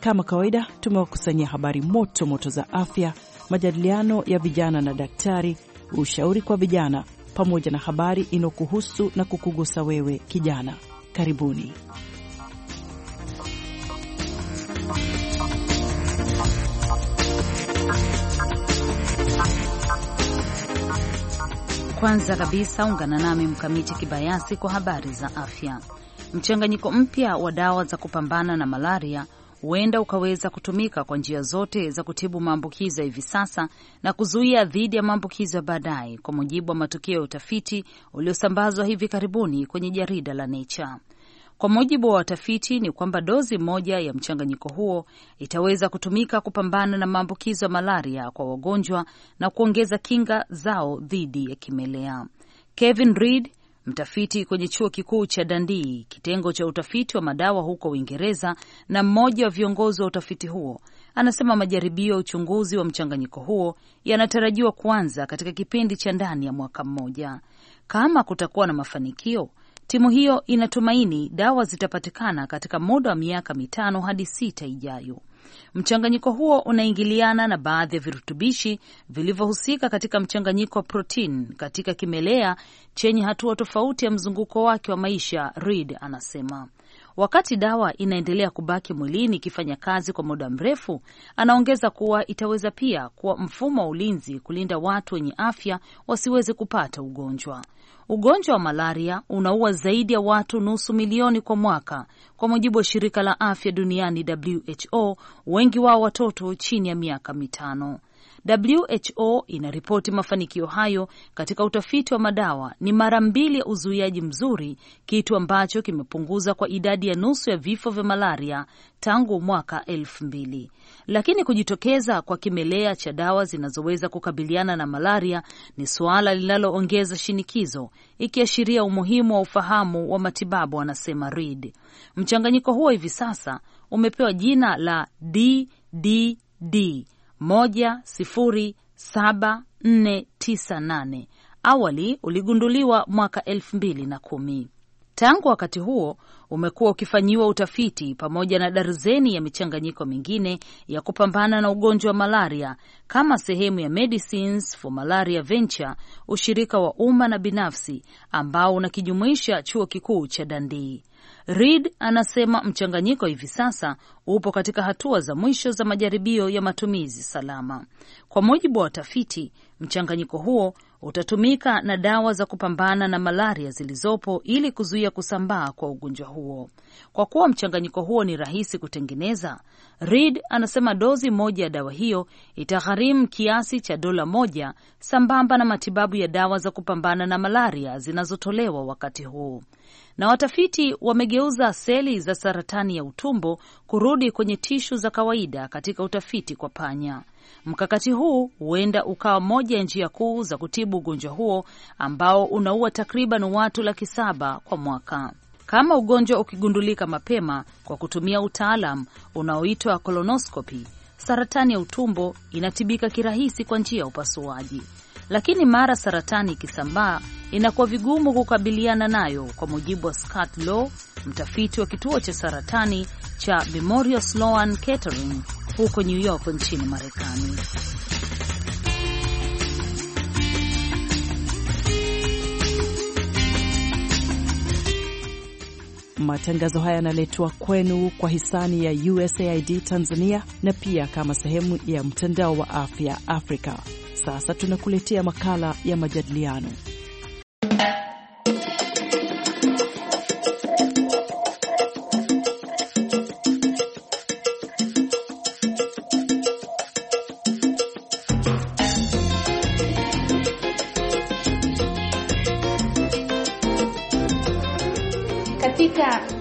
Kama kawaida, tumewakusanyia habari moto moto za afya, majadiliano ya vijana na daktari, ushauri kwa vijana, pamoja na habari inayokuhusu na kukugusa wewe kijana. Karibuni. Kwanza kabisa ungana nami Mkamiti Kibayasi kwa habari za afya. Mchanganyiko mpya wa dawa za kupambana na malaria huenda ukaweza kutumika kwa njia zote za kutibu maambukizo hivi sasa na kuzuia dhidi ya maambukizo ya baadaye, kwa mujibu wa matokeo ya utafiti uliosambazwa hivi karibuni kwenye jarida la Nature. Kwa mujibu wa watafiti ni kwamba dozi moja ya mchanganyiko huo itaweza kutumika kupambana na maambukizo ya malaria kwa wagonjwa na kuongeza kinga zao dhidi ya kimelea. Kevin Reed mtafiti kwenye chuo kikuu cha Dandii, kitengo cha utafiti wa madawa huko Uingereza, na mmoja wa viongozi wa utafiti huo anasema majaribio ya uchunguzi wa mchanganyiko huo yanatarajiwa kuanza katika kipindi cha ndani ya mwaka mmoja. Kama kutakuwa na mafanikio, timu hiyo inatumaini dawa zitapatikana katika muda wa miaka mitano hadi sita ijayo. Mchanganyiko huo unaingiliana na baadhi ya virutubishi vilivyohusika katika mchanganyiko wa protein katika kimelea chenye hatua tofauti ya mzunguko wake wa maisha, rid anasema. Wakati dawa inaendelea kubaki mwilini ikifanya kazi kwa muda mrefu, anaongeza kuwa itaweza pia kuwa mfumo wa ulinzi kulinda watu wenye afya wasiweze kupata ugonjwa. Ugonjwa wa malaria unaua zaidi ya watu nusu milioni kwa mwaka, kwa mujibu wa shirika la afya duniani WHO, wengi wao watoto chini ya miaka mitano. WHO inaripoti mafanikio hayo katika utafiti wa madawa ni mara mbili ya uzuiaji mzuri, kitu ambacho kimepunguza kwa idadi ya nusu ya vifo vya malaria tangu mwaka elfu mbili. Lakini kujitokeza kwa kimelea cha dawa zinazoweza kukabiliana na malaria ni suala linaloongeza shinikizo, ikiashiria umuhimu wa ufahamu wa matibabu, anasema Reed. Mchanganyiko huo hivi sasa umepewa jina la DDD 1079498. Awali uligunduliwa mwaka 2010. Tangu wakati huo umekuwa ukifanyiwa utafiti pamoja na darzeni ya michanganyiko mingine ya kupambana na ugonjwa wa malaria kama sehemu ya Medicines for Malaria Venture, ushirika wa umma na binafsi ambao unakijumuisha chuo kikuu cha Dundee. Reed anasema mchanganyiko hivi sasa upo katika hatua za mwisho za majaribio ya matumizi salama. Kwa mujibu wa watafiti, mchanganyiko huo utatumika na dawa za kupambana na malaria zilizopo ili kuzuia kusambaa kwa ugonjwa huo. Kwa kuwa mchanganyiko huo ni rahisi kutengeneza, Reed anasema dozi moja ya dawa hiyo itagharimu kiasi cha dola moja sambamba na matibabu ya dawa za kupambana na malaria zinazotolewa wakati huu. Na watafiti wamegeuza seli za saratani ya utumbo kurudi kwenye tishu za kawaida katika utafiti kwa panya. Mkakati huu huenda ukawa moja ya njia kuu za kutibu ugonjwa huo ambao unaua takriban watu laki saba kwa mwaka. Kama ugonjwa ukigundulika mapema kwa kutumia utaalam unaoitwa colonoscopy, saratani ya utumbo inatibika kirahisi kwa njia ya upasuaji, lakini mara saratani ikisambaa inakuwa vigumu kukabiliana nayo, kwa mujibu wa Scott Low, mtafiti wa kituo cha saratani cha Memorial Sloan Kettering huko New York nchini Marekani. Matangazo haya yanaletwa kwenu kwa hisani ya USAID Tanzania na pia kama sehemu ya mtandao wa afya Afrika. Sasa tunakuletea makala ya majadiliano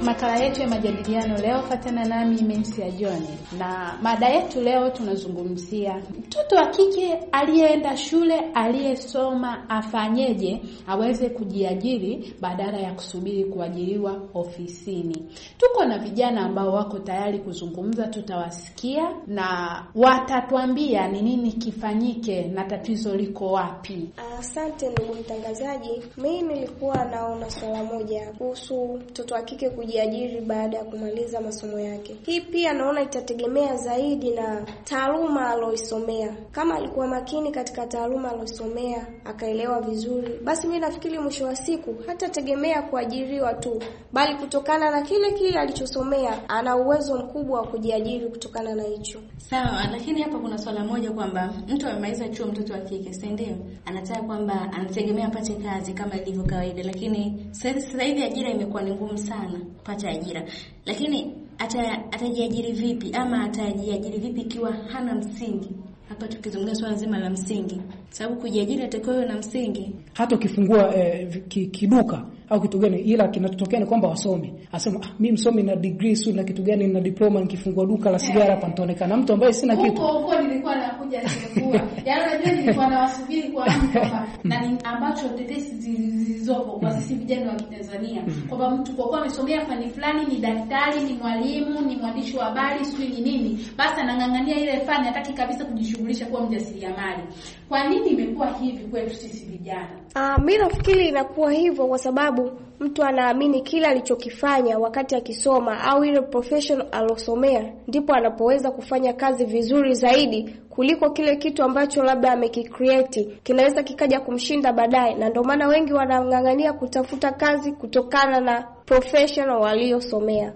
makala yetu ya majadiliano leo. Fatana nami Mensi ya John, na mada yetu leo tunazungumzia mtoto wa kike aliyeenda shule, aliyesoma, afanyeje aweze kujiajiri badala ya kusubiri kuajiriwa ofisini. Tuko na vijana ambao wako tayari kuzungumza, tutawasikia na watatuambia ni nini kifanyike na tatizo liko wapi. Asante ndugu mtangazaji, mimi nilikuwa naona swala moja kuhusu mtoto wa kike kuji kujiajiri baada ya kumaliza masomo yake. Hii pia naona itategemea zaidi na taaluma aloisomea. Kama alikuwa makini katika taaluma aloisomea akaelewa vizuri, basi mimi nafikiri mwisho wa siku hatategemea kuajiriwa tu, bali kutokana na kile kile alichosomea ana uwezo mkubwa wa kujiajiri kutokana na hicho. Sawa, lakini hapa kuna swala moja kwamba mtu amemaliza chuo, mtoto wa kike, si ndio? Anataka kwamba anategemea apate kazi kama ilivyo kawaida, lakini sasa hivi ajira imekuwa ni ngumu sana kupata ajira, lakini ata, atajiajiri vipi ama atajiajiri vipi ikiwa hana msingi? Hapa tukizungumzia swala zima la msingi, sababu kujiajiri atakiwa na msingi. Hata ukifungua eh, kiduka au kitu gani, ila kinachotokea ni kwamba wasome, asema ah, mimi msomi na degree sio na kitu gani na diploma, nikifungua duka la sigara hapa nitaonekana mtu ambaye sina kitu. Huko huko nilikuwa nakuja nilikuwa, yaani unajua nilikuwa nawasubiri kwa hapa na ni ambacho tetesi zilizopo kwa sisi vijana wa Tanzania mm. kwamba mtu kwa kuwa amesomea fani fulani, ni daktari, ni mwalimu, ni mwandishi wa habari, sijui ni nini, basi anang'ang'ania ile fani, hataki kabisa kujishughulisha kuwa mjasiriamali. Kwa nini imekuwa hivi kwetu sisi vijana? Ah, mimi nafikiri inakuwa hivyo kwa sababu mtu anaamini kila alichokifanya wakati akisoma au ile profession alosomea ndipo anapoweza kufanya kazi vizuri zaidi kuliko kile kitu ambacho labda amekicreate kinaweza kikaja kumshinda baadaye, na ndio maana wengi wanang'ang'ania kutafuta kazi kutokana na professional waliosomea.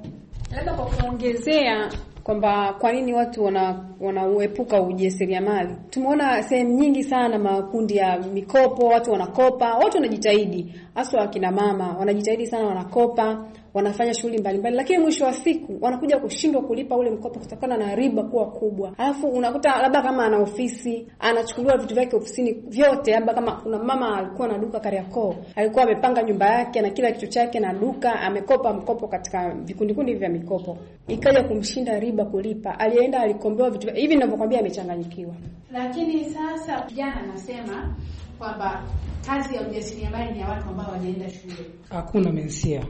Labda kwa kuongezea kwamba kwa nini watu wanauepuka wana ujasiriamali. Tumeona sehemu nyingi sana makundi ya mikopo, watu wanakopa, watu wanajitahidi, hasa akina mama wanajitahidi sana, wanakopa wanafanya shughuli mbalimbali, lakini mwisho wa siku wanakuja kushindwa kulipa ule mkopo kutokana na riba kuwa kubwa. Alafu unakuta labda kama ana ofisi anachukuliwa vitu vyake ofisini vyote, labda kama kuna mama alikuwa na duka Kariakoo, alikuwa amepanga nyumba yake na kila kitu chake na duka, amekopa mkopo katika vikundi kundi vya mikopo, ikaja kumshinda riba kulipa, alienda alikombewa vitu hivi ninavyokwambia, amechanganyikiwa. Lakini sasa kijana anasema kwamba kazi ya ujasiriamali ni ya watu ambao wajaenda shule, hakuna mensia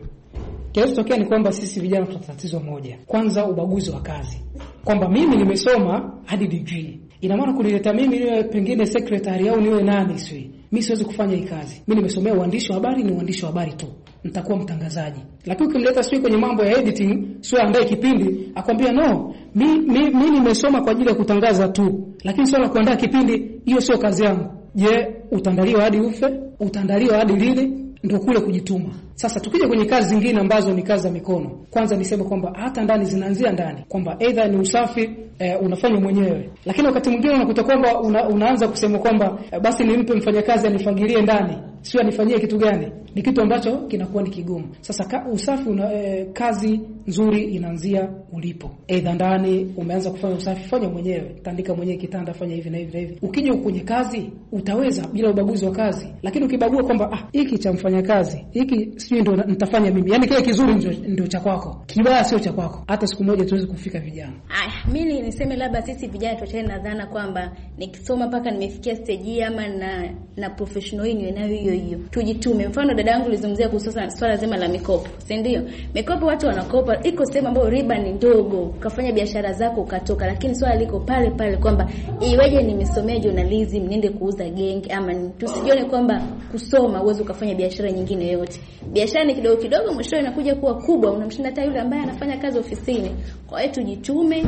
Kinachotokea ni kwamba sisi vijana tuna tatizo moja. Kwanza, ubaguzi wa kazi, kwamba mimi nimesoma hadi degree, ina maana kunileta mimi niwe pengine secretary au niwe nani, sijui mimi siwezi kufanya hii kazi. Mimi nimesomea uandishi wa habari, ni uandishi wa habari tu, nitakuwa mtangazaji. Lakini ukimleta sijui kwenye mambo ya editing, sio andaye kipindi, akwambia no, mimi mi, mi nimesoma kwa ajili ya kutangaza tu, lakini sio la kuandaa kipindi, hiyo sio kazi yangu. Je, yeah, utaandaliwa hadi ufe? Utaandaliwa hadi lini? Ndio kule kujituma. Sasa tukija kwenye kazi zingine ambazo ni kazi za mikono, kwanza niseme kwamba hata ndani zinaanzia ndani, kwamba aidha ni usafi e, unafanya mwenyewe, lakini wakati mwingine unakuta kwamba una, unaanza kusema kwamba e, basi nimpe mfanyakazi anifagilie ndani, sio anifanyie kitu gani ni kitu ambacho kinakuwa ni kigumu. Sasa ka, usafi una, e, kazi nzuri inaanzia ulipo. Aidha ndani umeanza kufanya usafi, fanya mwenyewe, tandika mwenyewe kitanda, fanya hivi na hivi na hivi. Ukija kwenye kazi utaweza bila ubaguzi wa kazi, lakini ukibagua kwamba ah, hiki cha mfanyakazi hiki sijui ndio nitafanya mimi, yani kile kizuri ndio cha kwako, kibaya sio cha kwako, hata siku moja tuweze kufika vijana. Aya, mimi niseme labda sisi vijana tuachane na dhana kwamba nikisoma mpaka nimefikia stage ama na na professional hii niwe nayo hiyo hiyo, tujitume mfano dada yangu ulizungumzia kuhusu swala zima la mikopo, si ndio? Mikopo watu wanakopa, iko sehemu ambayo riba ni ndogo, ukafanya biashara zako ukatoka, lakini swala liko pale pale kwamba iweje, nimesomea journalism niende kuuza genge, ama tusijione kwamba kusoma uweze ukafanya biashara nyingine yote. Biashara ni kidogo kidogo, mwisho inakuja kuwa kubwa, unamshinda hata yule ambaye anafanya kazi ofisini. Kwa hiyo tujitume,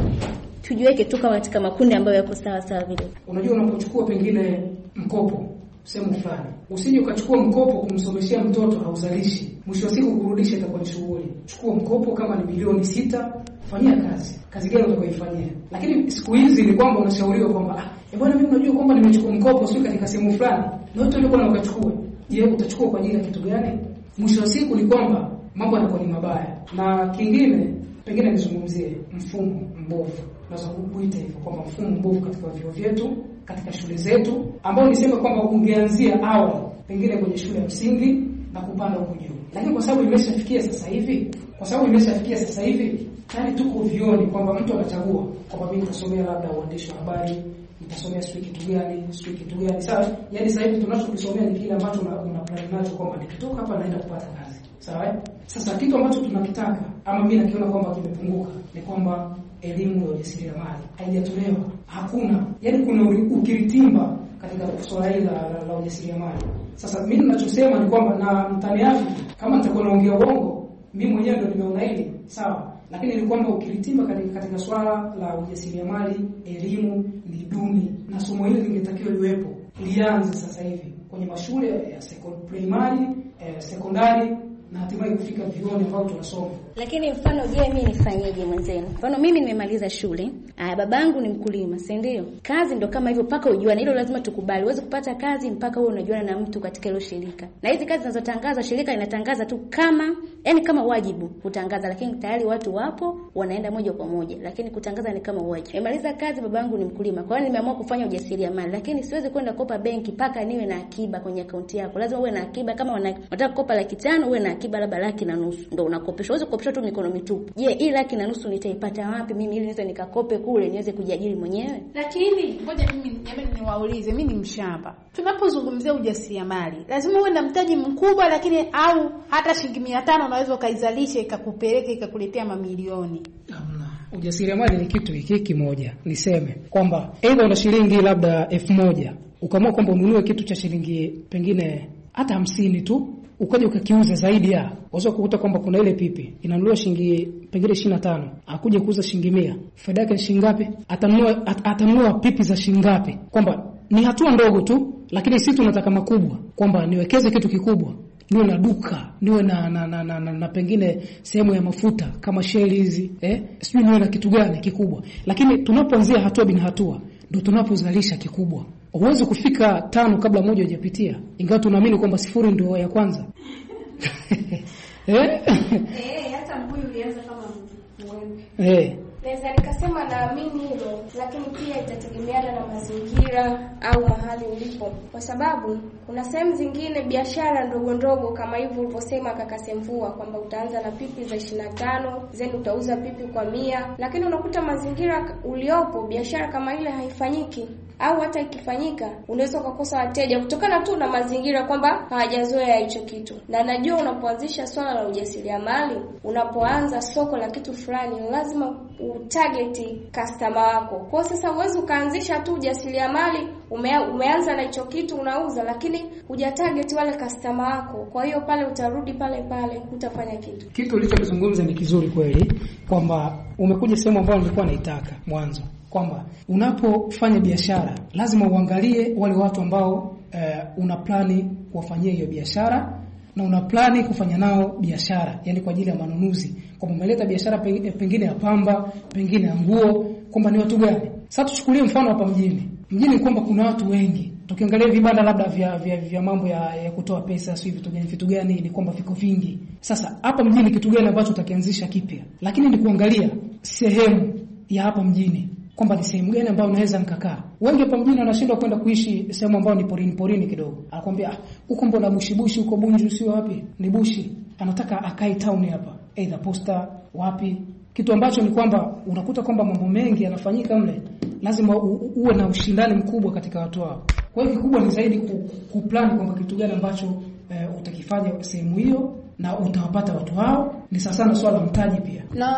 tujiweke tu katika makundi ambayo yako sawa sawa vile. Unajua, unapochukua pengine mkopo sehemu fulani. Usije ukachukua mkopo kumsomeshea mtoto, hauzalishi. Mwisho wa siku kurudisha itakuwa ni shughuli. Chukua mkopo kama ni milioni sita, fanyia kazi. Kazi gani utakayoifanyia? Lakini siku hizi ni kwamba unashauriwa kwamba ah, eh bwana, mimi unajua kwamba nimechukua mkopo sio katika sehemu fulani, na wote walikuwa ukachukua. Je, utachukua kwa ajili ya kitu gani? Mwisho wa siku ni kwamba mambo yanakuwa ni mabaya, na kingine tuzungumzie mfumo mbovu, tunaweza kuita hivyo kwamba mfumo mbovu katika vyuo vyetu, katika shule zetu, ambao niseme kwamba ungeanzia awali, pengine kwenye shule ya msingi na kupanda huko juu, lakini kwa sababu imeshafikia sasa hivi, kwa sababu imeshafikia sasa hivi tayari tuko vioni kwamba mtu anachagua kwamba mimi nitasomea labda uandishi wa habari nitasomea sijui kitu gani sijui kitu gani. Sasa yani, sasa hivi tunachokisomea ni kile ambacho una plan nacho kwamba nikitoka hapa naenda kupata kazi, sawa. Sasa kitu ambacho tunakitaka ama mimi nakiona kwamba kimepunguka ni kwamba elimu ya ujasiriamali haijatolewa, hakuna. yani kuna ukiritimba katika swala hili la, la, la ujasiriamali. Sasa mimi ninachosema ni kwamba na mtani kama nitakuwa naongea uongo, mimi mwenyewe ndio nimeona hili sawa, lakini ni kwamba ukiritimba katika, katika swala la ujasiriamali, elimu ni duni, na somo hili lingetakiwa liwepo, lianze sasa hivi kwenye mashule ya primary, eh, sekondari na hatimaye kufika vioni ambao tunasoma. Lakini mfano, je, mimi nifanyeje mwenzenu? Mfano mimi nimemaliza shule, aya, babangu ni mkulima, si ndio? Kazi ndo kama hivyo, mpaka ujuane. Hilo lazima tukubali. Huwezi kupata kazi mpaka wewe unajuana na mtu katika hilo shirika, na hizi kazi zinazotangazwa, shirika inatangaza tu kama yani kama wajibu kutangaza, lakini tayari watu wapo wanaenda moja kwa moja, lakini kutangaza ni kama wajibu. Nimemaliza kazi, babangu ni mkulima, kwa hiyo nimeamua kufanya ujasiriamali, lakini siwezi kwenda kopa benki mpaka niwe na akiba kwenye akaunti yako. Lazima uwe na akiba, kama unataka kukopa laki tano uwe na akiba labda laki na nusu ndo unakopeshwa. Uweze kukopeshwa tu mikono mitupu. Je, hii laki na nusu nitaipata wapi mimi ili niweze nikakope kule niweze kujiajiri mwenyewe? Lakini ngoja mimi niwaulize, mimi ni mshamba. Tunapozungumzia ujasiriamali, lazima uwe na mtaji mkubwa, lakini au hata shilingi mia tano unaweza ukaizalisha ikakupeleka ikakuletea mamilioni. Ujasiriamali ni kitu hiki kimoja, niseme kwamba aidha una shilingi labda elfu moja ukaamua kwamba ununue kitu cha shilingi pengine hata hamsini tu ukaja ukakiuza zaidi ya waweza kukuta kwamba kuna ile pipi inanunua shilingi pengine 25 akuje kuuza shilingi 100 faida yake shilingi ngapi? Atanunua at, atanunua pipi za shilingi ngapi? Kwamba ni hatua ndogo tu, lakini sisi tunataka makubwa, kwamba niwekeze kitu kikubwa niwe na duka niwe na na, na, na, na, na pengine sehemu ya mafuta kama shell hizi eh, sijui niwe na kitu gani kikubwa, lakini tunapoanzia hatua bin hatua ndo tunapozalisha kikubwa huwezi kufika tano kabla moja hujapitia, ingawa tunaamini kwamba sifuri ndio ya kwanza eh? Eh, hata mbuyu ulianza kama eh Naweza nikasema naamini hilo, lakini pia itategemeana na mazingira au mahali ulipo, kwa sababu kuna sehemu zingine biashara ndogo ndogo kama hivyo ulivyosema kaka Semvua kwamba utaanza na pipi za ishirini na tano zeni utauza pipi kwa mia, lakini unakuta mazingira uliopo biashara kama ile haifanyiki au hata ikifanyika unaweza ukakosa wateja kutokana tu na mazingira kwamba hawajazoea hicho kitu. Na najua unapoanzisha swala la ujasiriamali, unapoanza soko la kitu fulani, lazima utarget customer wako. Kwa sasa huwezi ukaanzisha tu ujasiriamali ume, umeanza na hicho kitu unauza, lakini hujatarget wale customer wako. Kwa hiyo pale utarudi pale pale, utafanya kitu. Kitu ulichokizungumza ni kizuri kweli, kwamba umekuja sehemu ambayo nilikuwa naitaka mwanzo kwamba unapofanya biashara lazima uangalie wale watu ambao uh, una plani kuwafanyia hiyo biashara na una plani kufanya nao biashara, yani kwa ajili ya manunuzi, kwamba umeleta biashara eh, pengine ya pamba, pengine ya nguo, kwamba ni watu gani. Sasa tuchukulie mfano hapa mjini, mjini kwamba kuna watu wengi tukiangalia vibanda labda vya vya, vya mambo ya, ya kutoa pesa sio vitu gani vitu gani, ni kwamba viko vingi. Sasa hapa mjini kitu gani ambacho utakianzisha kipya? Lakini ni kuangalia sehemu ya hapa mjini kwamba ni sehemu gani ambayo naweza nikakaa. Wengi hapa mjini wanashindwa kwenda kuishi sehemu ambayo ni porini porini kidogo. Anakwambia ah, huko mbona bushi bushi, huko Bunju sio wapi, ni bushi. Anataka akae town hapa, aidha posta wapi, kitu ambacho ni kwamba unakuta kwamba mambo mengi yanafanyika mle, lazima uwe na ushindani mkubwa katika watu wao. Kwa hiyo kikubwa ni zaidi kuplan kwamba kitu gani ambacho e, utakifanya sehemu hiyo na utawapata watu wao ni sana swala la mtaji pia. Na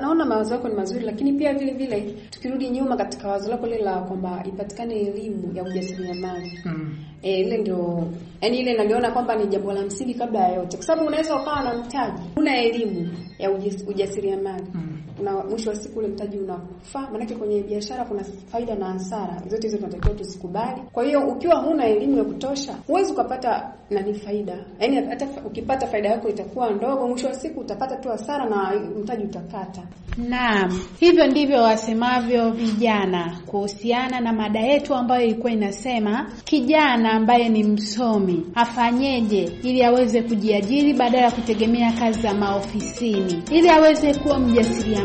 naona mawazo yako ni mazuri, lakini pia vile vile tukirudi nyuma katika wazo lako lile la kwamba ipatikane elimu ya ujasiriamali mm. E, ile ndio yani ile naliona kwamba ni jambo la msingi kabla ya yote, kwa sababu unaweza ukawa na mtaji, una elimu ya ujasiriamali mm na mwisho wa siku ule mtaji unakufa. Maanake kwenye biashara kuna faida na hasara, zote hizo tunatakiwa tusikubali. Kwa hiyo ukiwa huna elimu ya kutosha, huwezi ukapata nani faida, yaani hata ukipata faida yako itakuwa ndogo, mwisho wa siku utapata tu hasara na mtaji utakata. Naam, hivyo ndivyo wasemavyo vijana kuhusiana na mada yetu ambayo ilikuwa inasema kijana ambaye ni msomi afanyeje ili aweze kujiajiri badala ya kutegemea kazi za maofisini, ili aweze kuwa mjasiria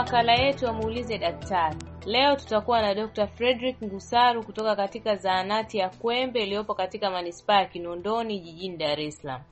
makala yetu ya Muulize Daktari. Leo tutakuwa na Dr. Frederick Ngusaru kutoka katika zahanati ya Kwembe iliyopo katika manispaa ya Kinondoni jijini Dar es Salaam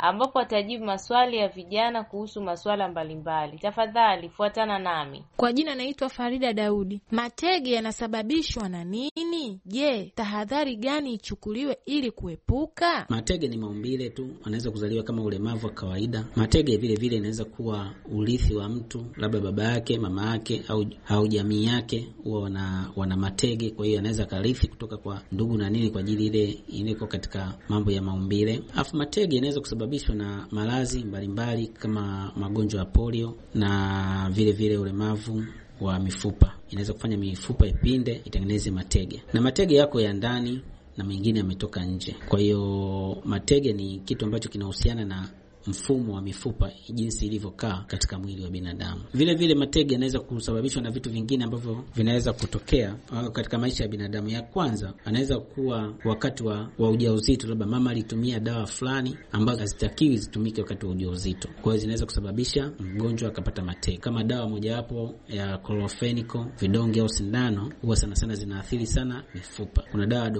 ambapo atajibu maswali ya vijana kuhusu masuala mbalimbali. Tafadhali fuatana nami. Kwa jina naitwa Farida Daudi. Matege yanasababishwa na nini? Je, tahadhari gani ichukuliwe ili kuepuka matege? Ni maumbile tu, anaweza kuzaliwa kama ulemavu wa kawaida. Matege vile vile inaweza kuwa urithi wa mtu, labda baba yake, mama yake au, au jamii yake huwa wana, wana matege. Kwa hiyo anaweza karithi kutoka kwa ndugu na nini, kwa ajili ile iliko katika mambo ya maumbile. Afu matege inaweza kusababisha kusababishwa na maradhi mbalimbali kama magonjwa ya polio na vile vile ulemavu wa mifupa. Inaweza kufanya mifupa ipinde itengeneze matege, na matege yako ya ndani na mengine yametoka nje. Kwa hiyo matege ni kitu ambacho kinahusiana na mfumo wa mifupa jinsi ilivyokaa katika mwili wa binadamu. Vile vile matege yanaweza kusababishwa na vitu vingine ambavyo vinaweza kutokea uh, katika maisha ya binadamu. Ya kwanza, anaweza kuwa wakati wa, wa ujauzito, labda mama alitumia dawa fulani ambazo hazitakiwi zitumike wakati wa ujauzito, kwa hiyo zinaweza kusababisha mgonjwa akapata matege. Kama dawa mojawapo ya klorofeniko, vidonge au sindano, huwa sana sana zinaathiri sana mifupa. Kuna dawa ya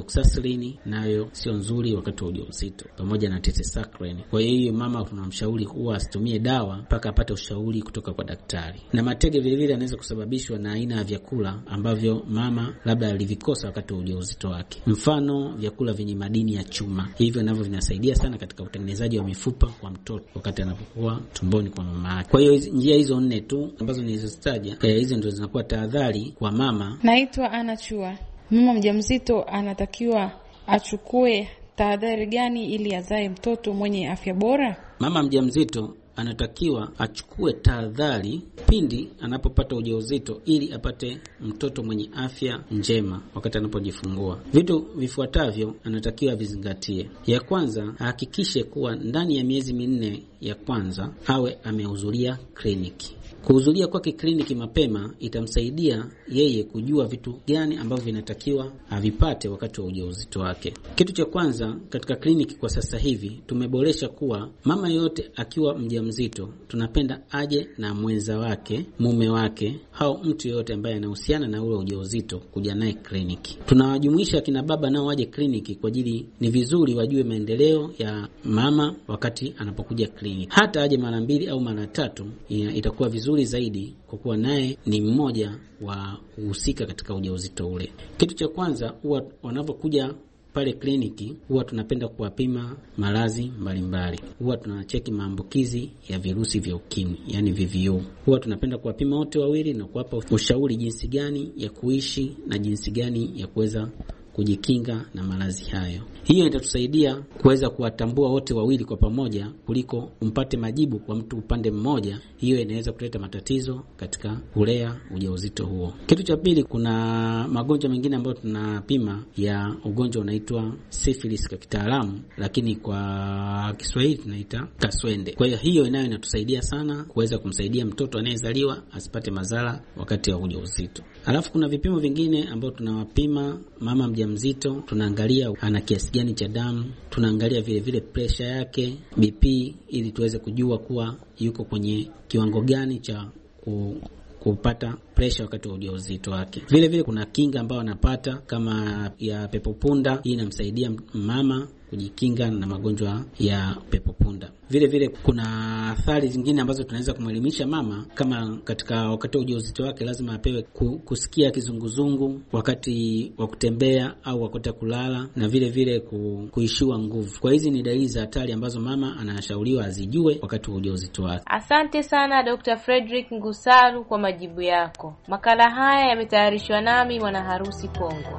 nayo sio nzuri wakati wa ujauzito, pamoja na tetracycline. Kwa hiyo mama tunamshauri huwa asitumie dawa mpaka apate ushauri kutoka kwa daktari. Na matege vilevile anaweza kusababishwa na aina ya vyakula ambavyo mama labda alivikosa wakati wa ujauzito wake, mfano vyakula vyenye madini ya chuma, hivyo navyo vinasaidia sana katika utengenezaji wa mifupa kwa mtoto wakati anapokuwa tumboni kwa mama yake. Kwa hiyo njia hizo nne tu ambazo nilizozitaja, eh, hizo ndio zinakuwa tahadhari kwa mama. Naitwa Ana Chua. Mama mjamzito anatakiwa achukue tahadhari gani ili azae mtoto mwenye afya bora? Mama mjamzito anatakiwa achukue tahadhari pindi anapopata ujauzito ili apate mtoto mwenye afya njema wakati anapojifungua. Vitu vifuatavyo anatakiwa avizingatie. Ya kwanza, ahakikishe kuwa ndani ya miezi minne ya kwanza awe amehudhuria kliniki. Kuhudhuria kwake kliniki mapema itamsaidia yeye kujua vitu gani ambavyo vinatakiwa avipate wakati wa ujauzito wake. Kitu cha kwanza katika kliniki kwa sasa hivi tumeboresha kuwa mama yote akiwa mjamzito tunapenda aje na mwenza wake, mume wake, au mtu yeyote ambaye anahusiana na ule ujauzito kuja naye kliniki. Tunawajumuisha akina baba nao waje kliniki kwa ajili, ni vizuri wajue maendeleo ya mama wakati anapokuja kliniki ishirini, hata aje mara mbili au mara tatu, itakuwa vizuri zaidi, kwa kuwa naye ni mmoja wa kuhusika katika ujauzito ule. Kitu cha kwanza huwa wanavyokuja pale kliniki huwa tunapenda kuwapima maradhi mbalimbali. Huwa tunacheki maambukizi ya virusi vya ukimwi, yani VVU. Huwa tunapenda kuwapima wote wawili na kuwapa ushauri jinsi gani ya kuishi na jinsi gani ya kuweza kujikinga na maradhi hayo. Hiyo itatusaidia kuweza kuwatambua wote wawili kwa pamoja kuliko umpate majibu kwa mtu upande mmoja. Hiyo inaweza kuleta matatizo katika kulea ujauzito huo. Kitu cha pili, kuna magonjwa mengine ambayo tunapima ya ugonjwa unaitwa syphilis kwa kitaalamu, lakini kwa Kiswahili tunaita kaswende. Kwa hiyo hiyo inayo inatusaidia sana kuweza kumsaidia mtoto anayezaliwa asipate madhara wakati wa ujauzito. Alafu kuna vipimo vingine ambayo tunawapima mama mja mjamzito, tunaangalia ana kiasi gani cha damu, tunaangalia vile vile presha yake BP, ili tuweze kujua kuwa yuko kwenye kiwango gani cha ku kupata presha wakati wa ujauzito wake. Vile vile kuna kinga ambayo anapata kama ya pepopunda, hii inamsaidia mama kujikinga na magonjwa ya pepo punda. Vile vile kuna athari zingine ambazo tunaweza kumwelimisha mama, kama katika wakati wa ujauzito wake lazima apewe kusikia kizunguzungu wakati wa kutembea au wakati kulala, na vile vile kuishiwa nguvu. Kwa hizi ni dalili za hatari ambazo mama anashauriwa azijue wakati wa ujauzito wake. Asante sana Dr. Frederick Ngusaru kwa majibu yako. Makala haya yametayarishwa nami mwana harusi Pongo.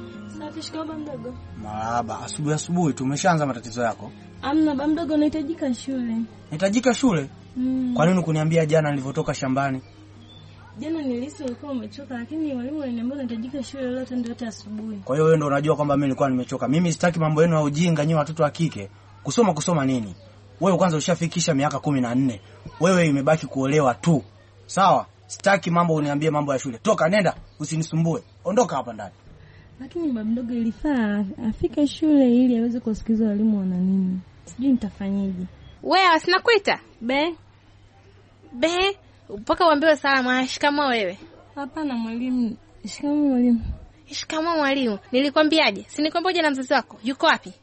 Shikamoo mdogo. Marahaba. Asubuhi asubuhi tumeshaanza matatizo yako. Amna ba mdogo, nahitajika shule. Nahitajika shule? Mm. Kwa nini kuniambia jana nilivyotoka shambani? Jana nilisi ulikuwa umechoka, lakini mwalimu waliniambia unahitajika shule leo tena yote asubuhi. Kwa hiyo wewe ndio unajua kwamba mimi nilikuwa nimechoka. Mimi sitaki mambo yenu ya ujinga nyinyi watoto wa kike. Kusoma kusoma nini? Wewe kwanza ushafikisha miaka kumi na nne. Wewe imebaki kuolewa tu. Sawa? Sitaki mambo uniambie mambo ya shule. Toka nenda, usinisumbue. Ondoka hapa ndani. Lakini mdogo ilifaa afike shule ili aweze kuwasikiliza walimu wana nini. Sijui nitafanyaje. Wewe sinakuita be be mpaka uambiwe salama. Ah, shikamoo wewe. Hapana mwalimu. Shikamoo mwalimu. Shikamoo mwalimu. Nilikwambiaje? Si na mzazi wako yuko wapi?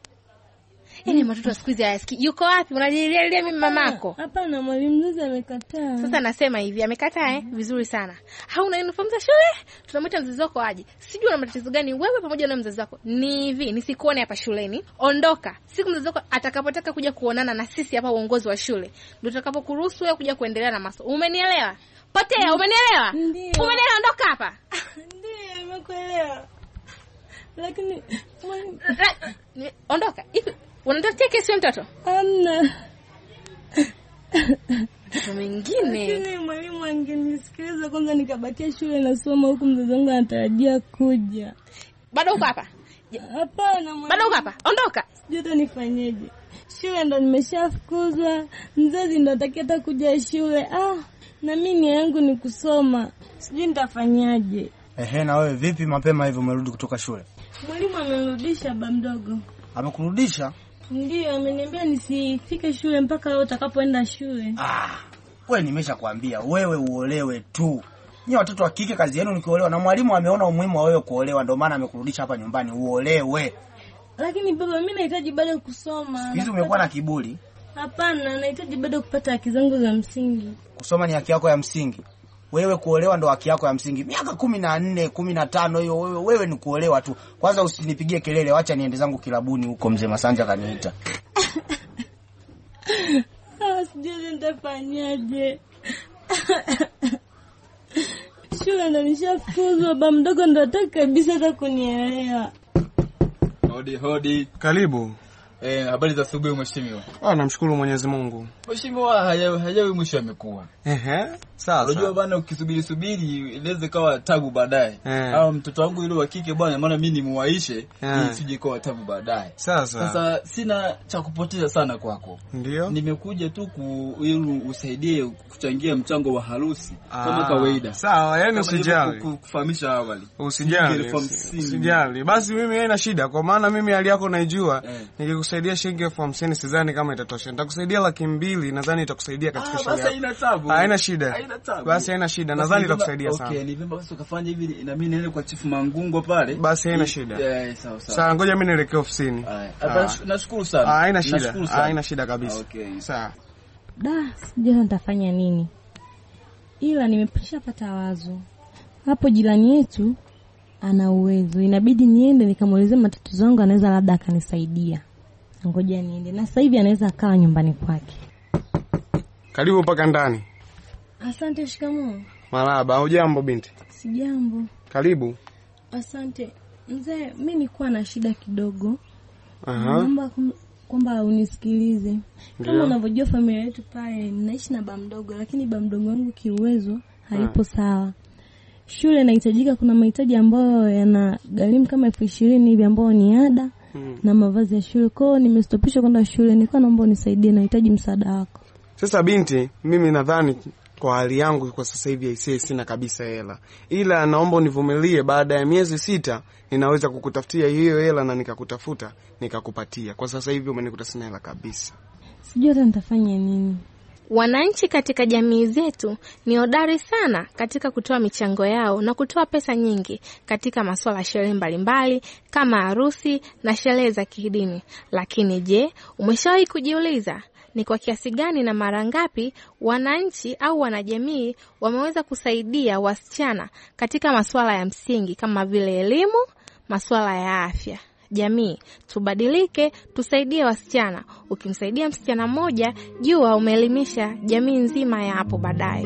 Yaani matoto siku hizi hayasikii. Yuko wapi? Unajilialia mimi mamako. Hapana, mwalimu mzazi amekataa. Sasa nasema hivi, amekataa eh? Mm-hmm. Vizuri sana. Hauna uniform za shule? Tunamwita mzazi wako aje. Sijui una matatizo gani wewe pamoja na mzazi wako. Ni hivi, nisikuone hapa shuleni. Ondoka. Siku mzazi wako atakapotaka kuja kuonana na sisi hapa uongozi wa shule, ndio tutakapokuruhusu wewe kuja kuendelea na masomo. Umenielewa? Potea, mm. umenielewa? Umenielewa, ondoka hapa. Ndio, nimekuelewa lakini ondoka. Hivi unatafutia kesi mtoto? Amna mwingine. Lakini mwalimu angenisikiliza kwanza, nikabakia shule nasoma huku, mzazi wangu anatarajia kuja. Bado uko hapa? Hapana, bado uko hapa. Ondoka. Sijui hata nifanyeje. Shule ndo nimeshafukuzwa, mzazi ndo atakia hata kuja shule. Ah, na mimi nia yangu ni kusoma, sijui nitafanyaje. Ehe, na wewe vipi? Mapema hivyo umerudi kutoka shule? Mwalimu amerudisha ba mdogo. Amekurudisha? ndio ameniambia nisifike shule mpaka wewe utakapoenda shule. Ah, wewe nimesha kwambia wewe uolewe tu. Nyie watoto wa kike kazi yenu ni kuolewa, na mwalimu ameona umuhimu wa wewe kuolewa, ndio maana amekurudisha hapa nyumbani uolewe. Lakini baba, mimi nahitaji bado kusoma. Siku hizi umekuwa na kiburi. Hapana, nahitaji bado kupata haki zangu za msingi. Kusoma ni haki yako ya msingi wewe kuolewa ndo haki yako ya msingi. Miaka kumi na nne kumi na tano hiyo wewe, wewe ni kuolewa tu. Kwanza usinipigie kelele, wacha niende zangu kilabuni huko, mzee Masanja kaniita. Ah, sijui nitafanyaje. Shule ndo nishafukuzwa, baba mdogo ndo ataki kabisa hata kunielewa. Hodi hodi, karibu. Eh, habari za asubuhi mheshimiwa. Ah, namshukuru Mwenyezi Mungu. Mheshimiwa hajawi mwisho amekuwa. Ehe. Sasa Unajua bwana ukisubiri subiri iweze kawa tabu baadaye. Yeah. Au mtoto wangu yule wa kike bwana maana mimi ni muwaishe yeah. ili sije kawa tabu baadaye. Sasa. Sasa sina cha kupoteza sana kwako. Ndio. Nimekuja tu ku ili usaidie kuchangia mchango wa harusi kama ah. kawaida. Sawa, yani usijali. Kufahamisha awali. Usijali. Usijali. Basi mimi haina shida kwa maana mimi hali yako naijua. Yeah. Nikikusaidia shilingi elfu hamsini sidhani kama itatosha. Nitakusaidia laki mbili nadhani itakusaidia katika shida. ah, tabu. Haina shida. Haina basi haina shida, nadhani itakusaidia sana. Okay, ni vipi basi ukafanya hivi na mimi niende kwa Chifu Mangungo pale. Basi haina shida. Eh, sawa sawa. Sawa, ngoja mimi nielekee ofisini. Ah. Hapa nashukuru sana. Ah, haina shida. Ah, haina shida kabisa. Okay. Sawa. Da, sijui nitafanya nini. Ila nimeshapata wazo. Hapo jirani yetu ana uwezo, inabidi niende nikamwelezea matatizo yangu, anaweza labda akanisaidia. Ngoja niende, na sasa hivi anaweza akawa nyumbani kwake. Karibu mpaka ndani. Asante. Shikamoo. Marahaba. Hujambo binti? Sijambo. Karibu. Asante mzee, mi nikuwa na shida kidogo. Aha. Naomba kwamba unisikilize. Kama unavyojua familia yetu pale, naishi na baba mdogo, lakini baba mdogo wangu kiuwezo haipo ah. sawa. Shule inahitajika, kuna mahitaji ambayo yana gharimu kama elfu ishirini hivi ambayo ni ada Hmm. na mavazi ya shule. Kwao nimestopishwa kwenda shule, nilikuwa naomba unisaidie, nahitaji msaada wako. Sasa binti, mimi nadhani kwa hali yangu kwa sasa hivi aisee, sina kabisa hela, ila naomba univumilie, baada ya miezi sita ninaweza kukutafutia hiyo hela na nikakutafuta nikakupatia. Kwa sasa hivi umenikuta sina hela kabisa, sijui hata nitafanya nini. Wananchi katika jamii zetu ni hodari sana katika kutoa michango yao na kutoa pesa nyingi katika masuala ya sherehe mbalimbali kama harusi na sherehe za kidini. Lakini je, umeshawahi kujiuliza ni kwa kiasi gani na mara ngapi wananchi au wanajamii wameweza kusaidia wasichana katika masuala ya msingi kama vile elimu, masuala ya afya. Jamii tubadilike, tusaidie wasichana. Ukimsaidia msichana mmoja, jua umeelimisha jamii nzima ya hapo baadaye.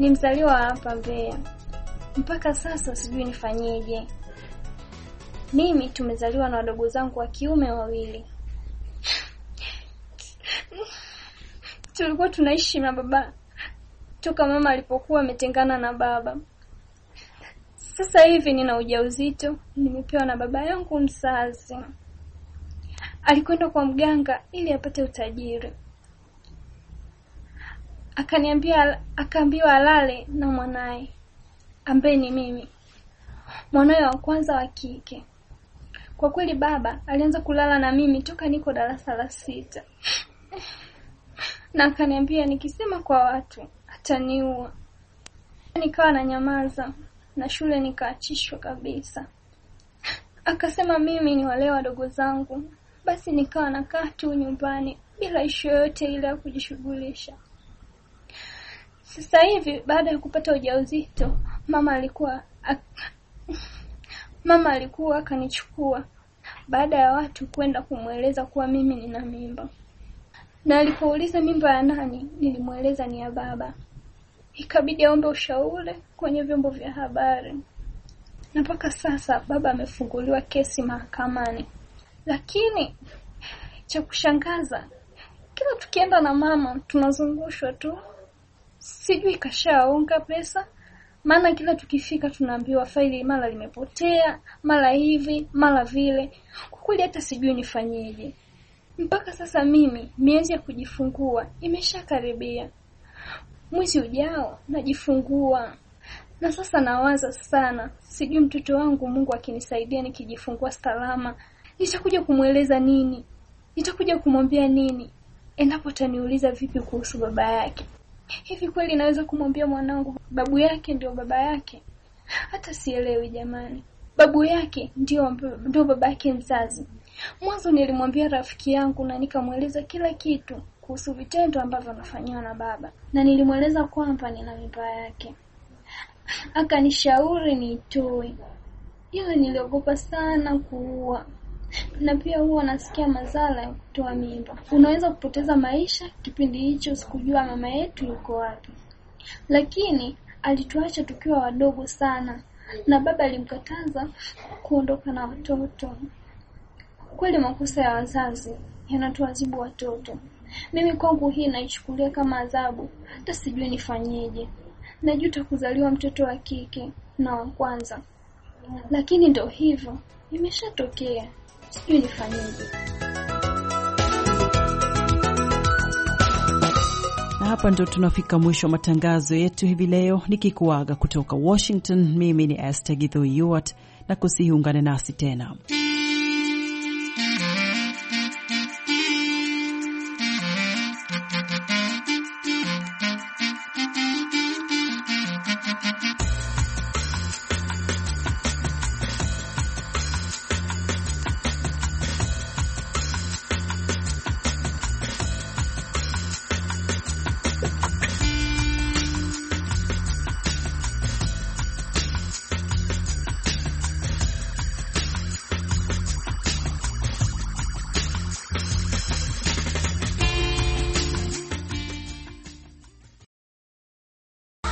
ni mzaliwa hapa Mbeya. Mpaka sasa sijui nifanyeje. Mimi tumezaliwa na wadogo zangu wa kiume wawili. Tulikuwa tunaishi na baba toka mama alipokuwa ametengana na baba. Sasa hivi nina ujauzito, nimepewa na baba yangu mzazi. Alikwenda kwa mganga ili apate utajiri akaniambia akaambiwa alale na mwanaye ambaye ni mimi mwanawe wa kwanza wa kike kwa kweli baba alianza kulala na mimi toka niko darasa la sita na akaniambia nikisema kwa watu ataniua nikawa na nyamaza na shule nikaachishwa kabisa akasema mimi ni wale wadogo zangu basi nikawa nakaa tu nyumbani bila ishu yoyote ile ya kujishughulisha sasa hivi baada ya kupata ujauzito, mama alikuwa ak... mama alikuwa akanichukua baada ya watu kwenda kumweleza kuwa mimi nina mimba, na alipouliza mimba ya nani, nilimweleza ni ya baba. Ikabidi aombe ushauri kwenye vyombo vya habari, na mpaka sasa baba amefunguliwa kesi mahakamani. Lakini cha kushangaza, kila tukienda na mama tunazungushwa tu sijui kashaonga pesa maana kila tukifika tunaambiwa faili mara limepotea mara hivi mara vile kwa kweli hata sijui nifanyeje mpaka sasa mimi miezi ya kujifungua imeshakaribia mwezi ujao najifungua na sasa nawaza sana sijui mtoto wangu mungu akinisaidia nikijifungua salama nitakuja kumweleza nini nitakuja kumwambia nini endapo ataniuliza vipi kuhusu baba yake Hivi kweli naweza kumwambia mwanangu babu yake ndio baba yake? Hata sielewi jamani. Babu yake ndio ndio baba yake mzazi. Mwanzo nilimwambia rafiki yangu na nikamweleza kila kitu kuhusu vitendo ambavyo anafanyiwa na baba, na nilimweleza kwamba nina mimba yake. Akanishauri niitoe, ila niliogopa sana kuua na pia huwa nasikia madhara ya kutoa mimba. Unaweza kupoteza maisha. Kipindi hicho sikujua mama yetu yuko wapi, lakini alituacha tukiwa wadogo sana, na baba alimkataza kuondoka na watoto. Kweli makosa ya wazazi yanatuadhibu watoto. Mimi kwangu hii naichukulia kama adhabu, hata sijui nifanyeje. Najuta kuzaliwa mtoto wa kike na wa kwanza, lakini ndo hivyo imeshatokea sijui Na hapa ndo tunafika mwisho wa matangazo yetu hivi leo, nikikuaga kutoka Washington. Mimi ni Esther Githo Yuart, na kusihi ungane nasi tena.